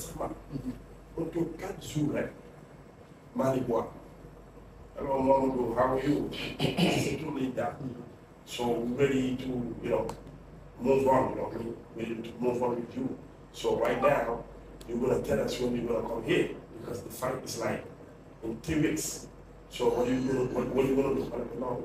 sax man. on toog quatre jours rek maa ngi boire. alors how are you. c'est tout laid down. so ready to you know move on you know ready to move on with you. so right now you're gonna tell us when you're gonna come here because the fight is like in three weeks. so what are you gonna do? I do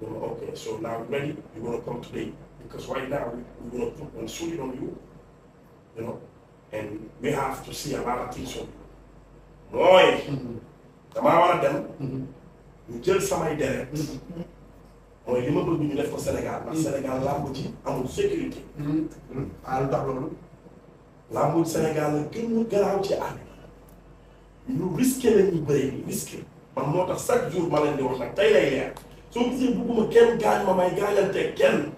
Well, oh, okay, so now ready, you're going to come today. Because right now, we're going to put one suit on you, you know, and we have to see a lot of things on you. Boy, mm-hmm. damaa war a dem. We just somebody there. mooy li ma bëgg ñu def Sénégal ndax mm-hmm. Sénégal làmb ji amul sécurité. Mm-hmm. ah lu tax loolu. làmb ji Sénégal la gën a garaaw ci àdduna. ñu risqué la ñu risk. risqué. man moo tax chaque jour ma leen di wax nag tey lay leer. sonkisi bugguma kenn gaañ ma may gaañante kenn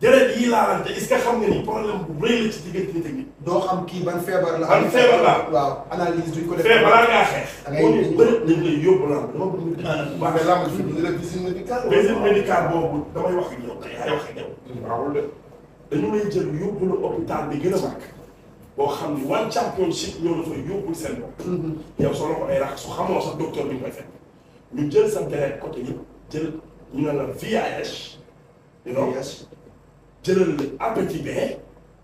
deret yii laa ante est-ce que xam nga ni problème bu rëy la ci diggante nit ak nit. doo xam kii ban feebar la. ban feebar la waaw analyse duñ ko def. feebar balaa ngaa xeex. da ngay indi bëri dañ lay yóbbu làmb dama bëgg nga. waaw mais làmb bi dina visite médicale. visite médicale boobu damay wax ak yow tey ay wax ak yow. waaw dañu lay jël yóbbu la hôpital bi gën a mag boo xam ni one championship ñoo la fa yóbbul seen bopp. yow soo la ko ay rax su xamoo sax docteur bi ñu koy fekk ñu jël sa deret côté yëpp. jël ñu ne la VIH you know VIH jëlal la appétit B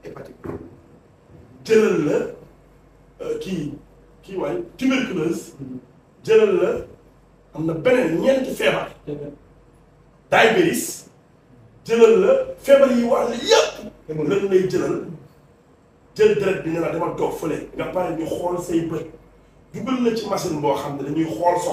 hépatique euh, B la am na beneen ñeenti feebar diabète jëlal la feebar yi wàll yépp lan lay jëlal jël deret bi ne la dama toog fële nga pare ñu xool say bët dugal la ci machine boo xam ne dañuy xool sa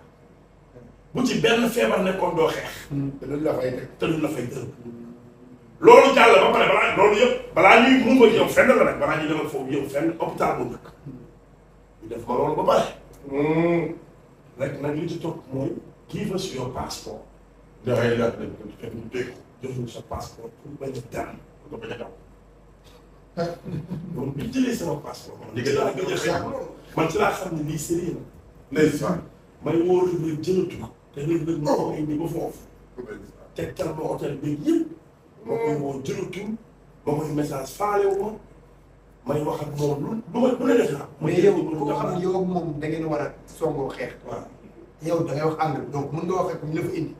bu ci benn feebar nekkoon doo xeex. Hmm. te duñ la fay te duñ la fay dërëm. loolu jàll ba pare balaa loolu yëpp balaa ñuy mun ko yow fenn la rek balaa ñuy demal foofu yow fenn def ko loolu ba pare. Hmm. rek nag li ci topp mooy give us your passeport. dafay laaj dañ ko def ñu dégg joxuñu sa passeport pour bañ a a daw. donc sama passeport. li nga may wóor ne jëlatu te léegi nag moo ko indi ba foofu. te kàlla hôtel bi yëpp. moo koy woo jëlatul. moo koy message faale wu ma. may wax ak moom lu lu ma lu def la. mais yow ku nga xam ne yow moom da ngeen war a songoo xeex. waaw yow da ngay wax anglais donc mën nga wax ak ñu la fa indi.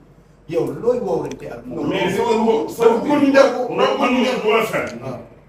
yow looy woowante ak moom. mais si loolu moom. sa ko ñu def ko. ko ñu def